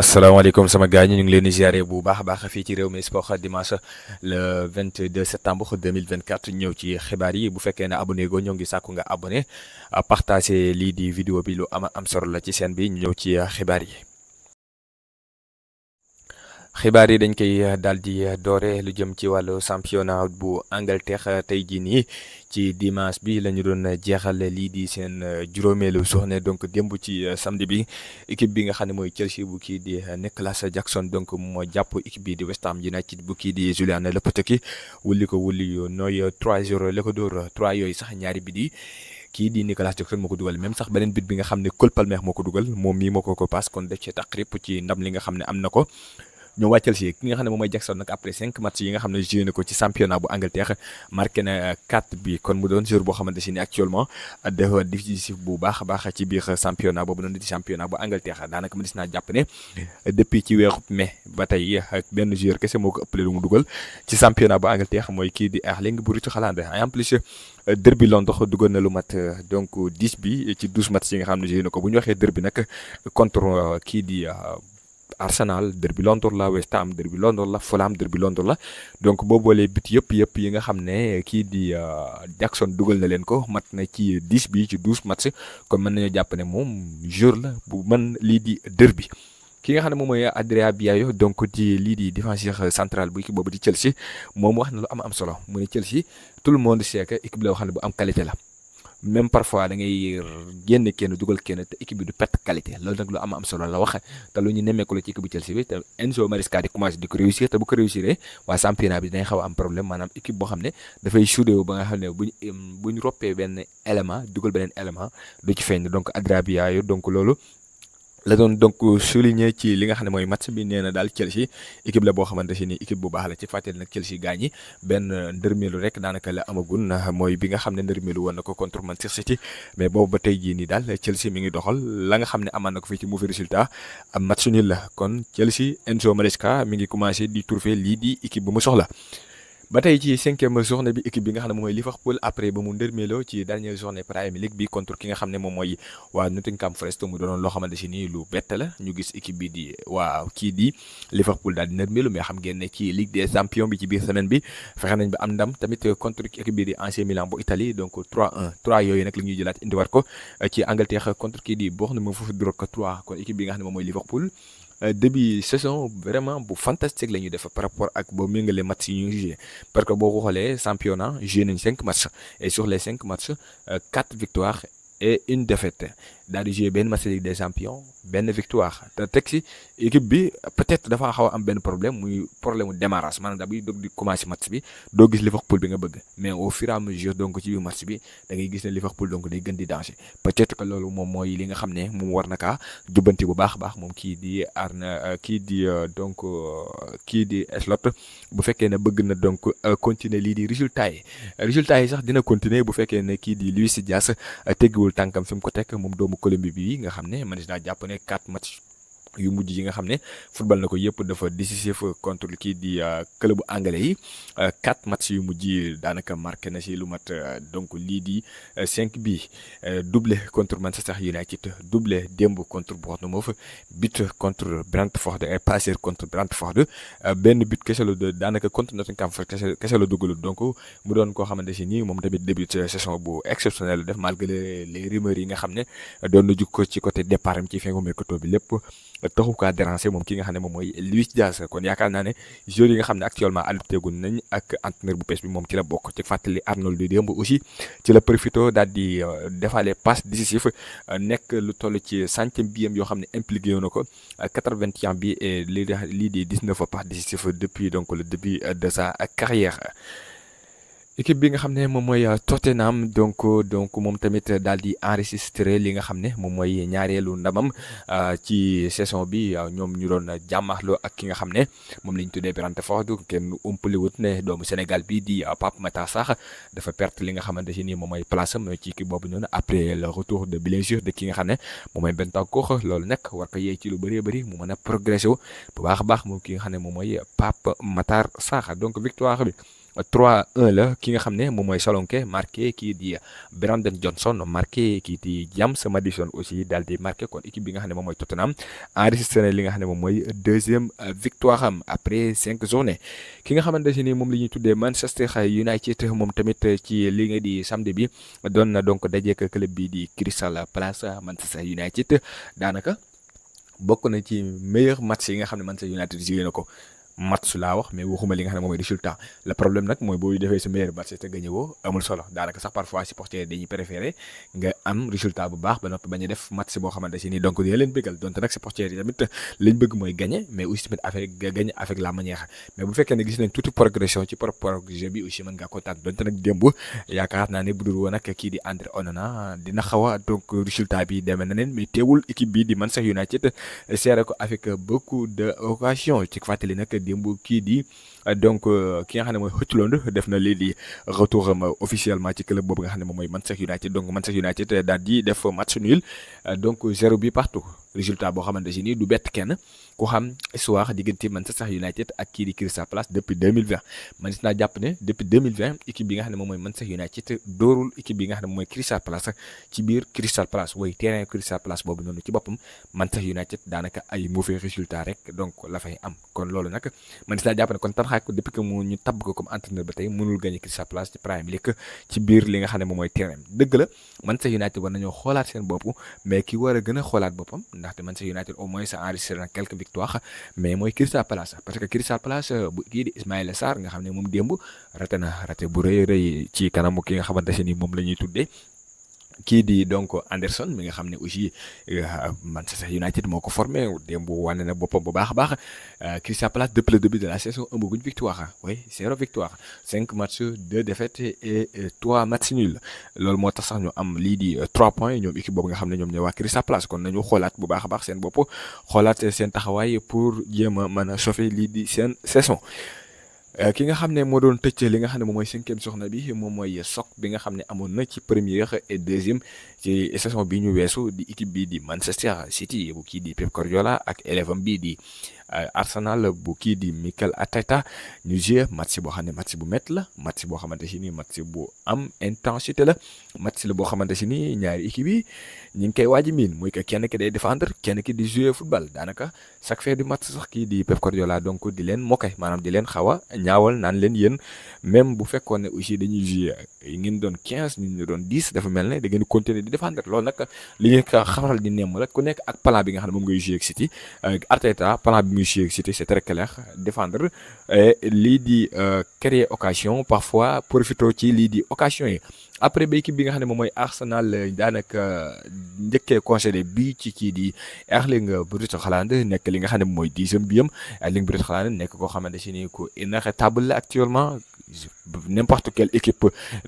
asalaamaaleykum sama gars ñi ñu ngi leen di ziare bu baax a baax fii ci réew mi sport dimanche le 22 septembre 2024 ñëw ci xibaar yi bu fekkee ne abonné go ñoo ngi sàkku nga abonné partagé lii di vidéo bi lu ama am solo la ci seen bi ñëw ci xibaar yi. xibaar yi dañ koy eh, daal di eh, doore lu jëm ci wàllu championnat bu Angleterre eh, tey jii nii ci dimanche bi la ñu doon jeexal lii di seen juróomeelu journée donc démb ci samedi bi équipe bi nga xam ne mooy Chelsea bu kii di Nicolas Jackson donc moo jàpp équipe bi di West Ham United bu kii di Julian Lopetegui wulli ko wulli yu nooy 3-0 la ko dóor 3 yooyu sax ñaari bit yi. kii di Nicolas Jackson moo ko dugal même sax beneen bit bi nga xam ne Cole Palmer moo ko dugal moom mii moo ko ko paas kon def ci taqrib ci ndam li nga xam ne am na ñoo wàccal si ki nga xam ne moom mooy Jackson nag après cinq matchs yi nga xam ne joué ko ci championnat bu Angleterre marqué na 4 bi kon mu doon joueur boo xamante si ni actuellement dafa décisif bu a baax ci biir championnat boobu noonu di championnat bu Angleterre daanaka depuis ci weeru mai ba tey benn joueur kese moo ko ëppale lu mu dugal ci championnat bu Angleterre mooy kii di Erling Braut Haaland en plus derby Londres dugal na lu mat donc 10 bi ci 12 matchs yi nga xam ne joué na ko bu ñu waxee derby nag contre kii di euh, Arsenal derbi Londres la West Ham derby Londres la Fulham derby Londres la donc boo boolee bit yëpp yëpp yi nga xam ne kii di euh, Jackson dugal na leen ko mat na ci 10 bi ci 12 match kon mën nañoo jàpp ne moom jour la bu mën lii di derby. ki nga xam ne moom mooy Adrien Biayo donc di lii di défenseur central bu équipe boobu di Chelsea moom wax na lu am am solo mu ne Chelsea tout le monde sait que équipe la boo xam ne bu am qualité la. même parfois da ngay génne kenn dugal kenn te équipe bi du perte qualité loolu nag lu am am solo la wax te lu ñu nemmeeku la ci équipe bu Chelsea bi te Enzo Maresca di commencé di ko réussir te bu ko réussir waa championnat bi dinañ xaw a am problème maanaam équipe boo xam ne dafay soudé ba nga xam ne bu ñu bu ñu roppee benn élément dugal beneen élément du ci feeñ donc Adrabia yooyu donc loolu. la doon donc souligner ci li nga xam ne mooy match bi nee na daal Chelsea équipe la boo xamante si ni équipe bu baax la ci fàttali nag Chelsea gaañ ñi benn ndërmeelu rek daanaka la amagun mooy bi nga xam ne ndërmeelu woon na ko contre Manchester City mais boobu ba tey jii nii daal Chelsea mi ngi doxal la nga xam ne amaan na ko fii ci mauvais résultat am match nul la kon Chelsea Enzo Maresca mi ngi commencé di trouver lii di équipe bi mu soxla. ba tey ci cinquième journée bi équipe bi nga xam ne mooy Liverpool après ba mu ndërmeeloo ci dernière journée Premier League bi contre ki nga xam ne ni lu bett la ñu gis équipe bi di waa kii di Liverpool bi ci biir semaine bi fexe nañ ba am ndam tamit contre équipe bi di yooyu ñuy jëlaat indiwaat ko ci Angleterre contre kii di mooy Liverpool Euh, début saison vraiment bu fantastique la ñuy def par rapport ak boo méngalee match yi ñuy parce que boo ko xoolee championnat joué nañ cinq matchs et sur les cinq matchs euh, quatre victoires et une défaite daal di joué benn match Ligue des champions benn victoire te teg équipe bi peut-être dafa xaw a am benn problème muy problème mu démarrage maanaam da buy doog di commencé match bi doo gis Liverpool bi nga bëgg mais au fur et à mesure donc ci biir match bi da gis ne Liverpool donc day gën di danger peut-être que loolu moom mooy li nga xam ne moom war na kaa jubbanti bu baax a baax moom kii di Arne euh, kii di euh, donc euh, kii di Slot bu fekkee ne bëgg na donc continuer lii di résultat yi résultat yi sax dina continuer bu fekkee ne kii di Luis Diaz tànkam fi ko teg moom doomu Colombie bi nga xam ne man daa jàpp ne 4 match yu mujj yi nga xam ne football na ko yëpp dafa décisif contre kii di euh, club anglais yi euh, quatre match yu mujj yi daanaka marqué na si lu mat euh, donc lii di cinq bi doublé contre Manchester United doublé démb contre Bournemouth but contre Brentford et passé contre Brentford benn but kese la daanaka contre Nottingham kese kese la dugalut donc mu doon koo xamante si nii moom tamit début saison bu exceptionnel def malgré les rumeurs yi nga xam ne doon na jug ko ci côté départ am ci fin mercato bi lépp. taxu kaa déranger moom ki nga xam ne moom mooy Luis Diaz kon yaakaar naa ne joueurs yi nga xam ne actuellement adopté gu nañ ak entraîneur bu bees bi moom ci la bokk ci fàttali Arnold di démb aussi ci la profito daal di euh, defaale passe décisif euh, nekk lu toll ci centième biyam yoo xam ne impliqué na ko euh, quatre-vingtième bi et lii di dix-neuf passes décisives depuis donc le début de sa carrière équipe bi nga xam ne moom mooy euh, Tottenham donc euh, donc moom tamit daal di enregistré li nga xam ne moom mooy ñaareelu ndamam euh, ci saison bi ñoom ñu doon jàmmaarloo ak ki nga xam ne moom la ñu tuddee Brentford kenn umpaliwut ne doomu Sénégal bi di Pape Matar Sarr dafa perte li nga xamante si ni moom mooy ci kii boobu noonu après le retour de blessure de ki nga xam ne moom mooy Bentancur loolu nag war ko yee ci lu bëree bëri mu mën a progressé bu baax baax moom ki nga xam ne moom mooy Pape Matar Sarr donc victoire bi. 3-1 la ki nga xam ne moom mooy Solanke marqué kii di Brandon Johnson marqué kii di jam James Maddison aussi daal di marqué kon équipe bi nga xam ne moom mooy Tottenham enregistré na li nga xam ne moom mooy deuxième euh, victoire am après cinq journées ki nga xamante ni moom la ñuy tuddee Manchester United moom tamit ci li nga di samedi bi doon na donc dajeek club bi di Crystal Palace Manchester United daanaka bokk na ci meilleur match yi nga xam ne Manchester United jigéen na ko. match laa wax mais waxuma li nga xam mooy résultat le problème nag mooy boo defee sa meilleur match te gagné amul solo daanaka sax parfois supporter dañuy préféré nga am résultat bu baax ba noppi bañ def match boo xamante si nii donc dina leen bëgg mooy gagné mais aussi tamit affaire gagné avec la manière mais bu fekkee ne gis nañ tuuti progression ci projet bi aussi mën ngaa kontaan donte nag démb yaakaar naa ne bu dul woon ak kii di André a donc résultat bi demee na leen mais teewul équipe bi di Manchester United seere ko avec beaucoup démb kii di donc euh, ki nga xam ne mooy Højlund def na lii di retour officiellement ci club boobu nga xam ne moom mooy Manchester United United daal di def match nul donc zéro bi partout résultat boo xamante si nii du bett kenn ku xam histoire diggante Manchester United ak kii di Crystal Palace depuis 2020 man gis naa jàpp United dóorul équipe bi nga xam ne moom mooy Crystal Palace ci biir Crystal Palace way terrain Crystal Palace boobu noonu ci boppam man gis naa jàpp ne xaaj ko depuis que mu ñu tabb ko comme entraîneur ba tey mënul gagné ki sa place ci Premier League ci biir li nga xam ne moom a gën a xoolaat boppam ndaxte Manchester United au moins a enregistré na quelques euh, démb raté na raté bu rëy rëy ci kanamu ki nga xamante ne ni moom la tuddee kii di donc Anderson mi nga xam ne aussi man euh, Manchester United moo ko formé démb wane na boppam bu baax a baax euh, Crystal Palace depuis le début de la saison amaguñ victoire oui zéro victoire cinq matchs deux défaites et euh, trois matchs nuls loolu moo tax sax ñu am lii di trois points ñoom équipe boobu nga xam ne ñoom ñooy waa Crystal Palace kon nañu xoolaat bu baax a baax seen bopp xoolaat seen taxawaay pour jéem a mën a sauver lii di seen saison. Eh, ki nga xam ne moo doon tëcc li nga xam ne moom mooy cinquième soxna bi moom mooy soc bi nga xam ne amoon na ci première et deuxième ci saison bi ñu weesu di équipe bi di Manchester City bu kii di Pep Guardiola ak élève am di Euh, Arsenal bu kii di Mikel Arteta ñu joué match boo xam ne match bu métti la match boo xamante si ni am intensité la match la boo xamante si ni ñaari équipe yi ñu ngi koy waaj miin muy que kenn ki day défendre kenn ki di jouer football daanaka chaque fin du match sax kii di Pep Guardiola donc di leen mokkay maanaam di leen xaw a ñaawal naan leen yéen même bu fekkoon ne aussi dañuy jouer yi eh, ngeen doon 15 ñu ñu doon 10 dafa mel ne da ngeen continuer di défendre loolu nag li ngeen ko xamal di n la ku bi nga xam ne moom réussir cité c'est très clair défendre lii di euh, créer occasion parfois profito ci lii di occasion yi après ba équipe bi nga xam ne moom mooy Arsenal euh, daanaka euh, njëkkee concédé bi ci kii di Erling Braut Haaland nekk li nga xam ne mooy dixième biyam Erling Braut Haaland nekk koo xamante si ni ku inarrêtable la actuellement n'importe quelle équipe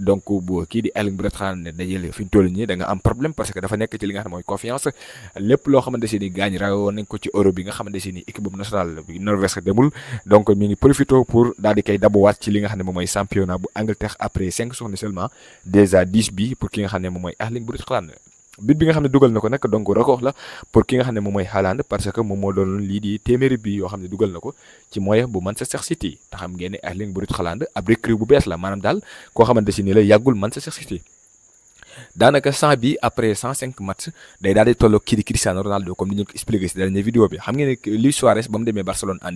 donc bu kii di Al Ibrahima ne dajale fi ñu toll am problème parce que dafa nekk ci li nga xam ne mooy confiance lépp loo xamante ne gaañ rawoon nañ ko ci euro bi nga xamante ne équipe nationale bi demul donc mi ngi profité pour daal di koy dabuwaat ci li nga xam ne moom mooy championnat bu Angleterre après cinq journées seulement déjà dix bi pour ki nga xam ne moom mooy Al Ibrahima. bit bi nga xam ne dugal na ko nag donc record la pour ki nga xam ne moom mooy Haaland parce que moom moo doon lii di téeméeri bi yoo xam ne dugal na ko ci moyen bu Manchester City te xam ngeen ne Erling Braut Haaland ab recrue bu bees la maanaam daal koo xamante si ni la yàggul man Manchester City daanaka 100 bi après 105 match day daal di tolloo kii di Cristiano Ronaldo comme ni ñu ko expliqué si dernière vidéo bi xam ngeen ne Luis Suarez demee Barcelone en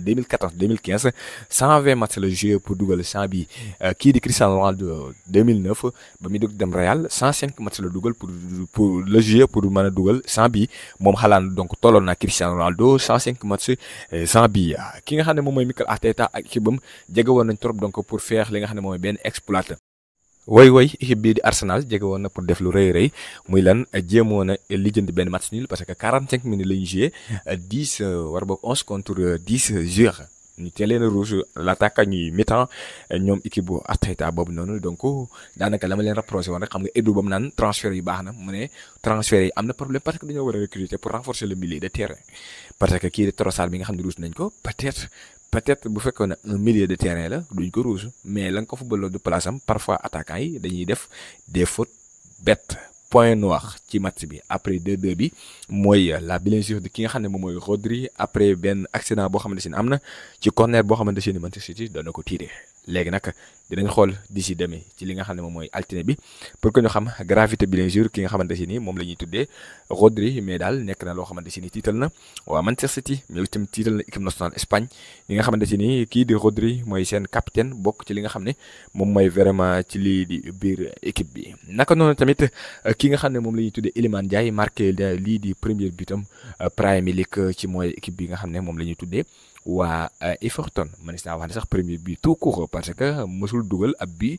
match la joué pour dugal 100 euh, kii di Cristiano Ronaldo 2009 ba muy dugg dem match la dugal pour pour le pour mën dugal 100 moom Haaland donc tolloon na Cristiano Ronaldo 105 match 100 bi ki nga xam ne moom mooy Mikel Arteta ak équipe am jege woon nañ trop donc pour faire li nga xam ne mooy benn exploit way way équipe bi di Arsenal jege woon na pour def lu rëy muy lan jéemoon na li lijjanti benn match nul parce que 45 minutes la ñu joué 10 war boog 11 contre 10 joueurs ñu teel leen rouge l'attaque ñuy mi ñoom équipe boobu noonu donc daanaka la leen rapproché woon rek xam nga Edu ba naan transfert yi baax na mu ne transfert yi am na problème parce que dañoo war a recruter pour renforcer le milieu de terrain parce que kii bi nga xam ne rouge nañ ko peut-être bu fekkoon un milieu de terrain la duñ ko rouge mais la nga ko footballoo du place am parfois attaquant yi dañuy def des fautes bêtes point noir ci match bi après 2-2 bi mooy euh, la blessure de ki nga xam ne moom mooy Rodri après li nga xam ne moom mooy altine bi pour que ñu xam gravité bi bien sûr ki nga xamante si ni moom na loo xamante si ni tiital na waa Manchester City mais itam tiital na équipe nationale Espagne yi nga xamante si li nga xam ne moom mooy vraiment ci lii di biir équipe bi naka noonu tamit euh, ki nga xam ne moom la ñuy de Iliman Ndiaye marqué lii di premier butam euh, Premier League euh, ci mooy équipe bi nga xam ne moom la ñuy tuddee waa euh, Everton mënees naa wax ne sax premier bi tout court parce que mësul dugal ab bi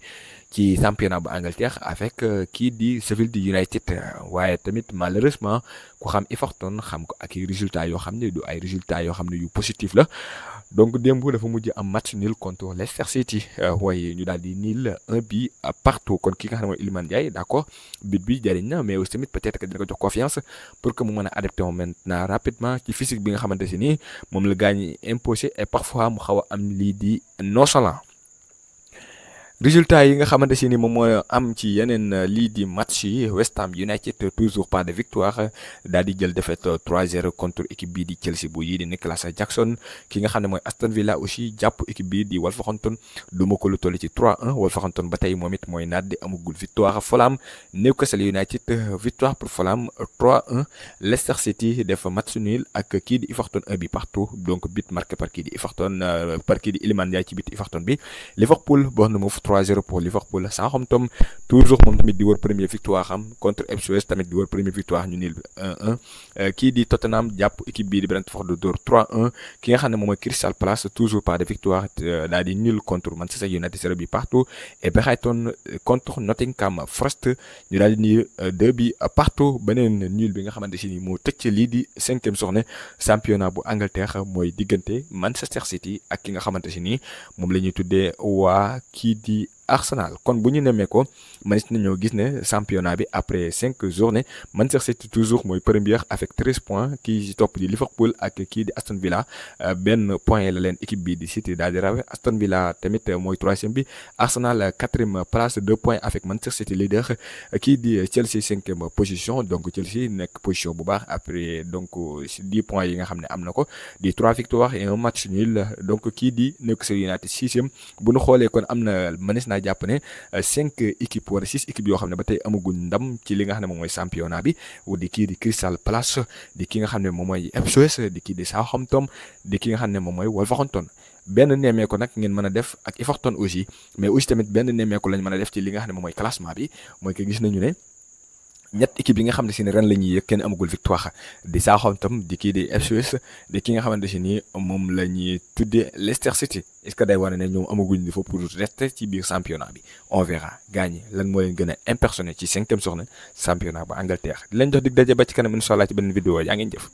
ci championnat bu Angleterre avec kii di Sheffield United waaye tamit malheureusement ku xam Everton xam ko ak i résultats yoo xam ne du ay résultats yoo xam ne yu positif la. donc démb dafa mujj am match nul contre Leicester City euh, waaye ñu daal di nil un but partout kon ki nga xam ne mooy Iliman Ndiaye d' accord but bi jariñ na mais aussi tamit peut être que dina ko jox confiance pour que mu mën a adapté moom maintenant rapidement ci physique bi nga xamante si nii moom la gaañ imposé et parfois mu xaw a am lii di nonchalant résultat yi nga xamante si ni moom moo am ci yeneen euh, lii di match yi West Ham United toujours pas de victoire daal di jël défaite 3-0 contre équipe bi di Chelsea bu yii di Nicolas Jackson ki nga xam ne mooy Aston Villa aussi jàpp équipe bii di Wolverhampton duma ko lu toll ci 3-1 Wolverhampton ba tey moom it mooy naat di amagul victoire Fulham Newcastle United euh, victoire pour Fulham 3-1 Leicester City def match nul ak kii di Everton 1 bi partout donc but marqué par kii di Everton euh, par kii di Iliman Ndiaye ci but Everton bi 3-0 pour Liverpool Southampton toujours moom tamit di euh, nga xam ne euh, partout et Brighton euh, contre Nottingham Forest ñu daal di nil 2 partout beneen nul bi nga xamante si ni moo tëj lii di cinquième journée championnat bu Angleterre mooy diggante ki nga xamante si ni moom la tuddee waa kii di Arsenal kon bu ñu nemmee ko mënees nañoo gis ne championnat bi après cinq journées Manchester City toujours mooy première avec treize points kii ci topp di Liverpool ak kii di Aston Villa euh, benn point la leen équipe bi di City daal di rawe Aston Villa tamit mooy troisième bi Arsenal quatrième place deux points avec Manchester City leader kii di Chelsea cinquième position donc Chelsea nekk position bu baax après donc si dix points yi nga xam ne am na ko di trois victoires donc kii di nekk United naa jàpp ne euh, cinq équipes wala six équipes yoo xam ne ba tey amaguñ ndam ci li nga xam ne moom mooy championnat bi di kii di Crystal Palace di ki nga xam ne moom mooy Ipswich di kii di Southampton di ki nga xam ne moom mooy Wolverhampton benn nemmeeku nag ngeen mën a def ak Everton aussi mais aussi tamit benn nemmeeku lañ mën a def ci li nga xam ne moom mooy classement bi mooy que gis nañu ne. ñett équipe yi nga xam ne si ne ren la ñuy yëg kenn amagul victoire di Southampton di kii di Ipswich di ki nga xamante si ni moom la ñuy tuddee Leicester City est ce que day wane ne ñoom amaguñ niveau pour rester ci biir championnat bi on verra gaañ lan moo leen gën a impersonné ci cinquième soxna championnat ba Angleterre di lañ jox dig daje ba ci kanam incha allah ci benn vidéo yaa ngeen jëf.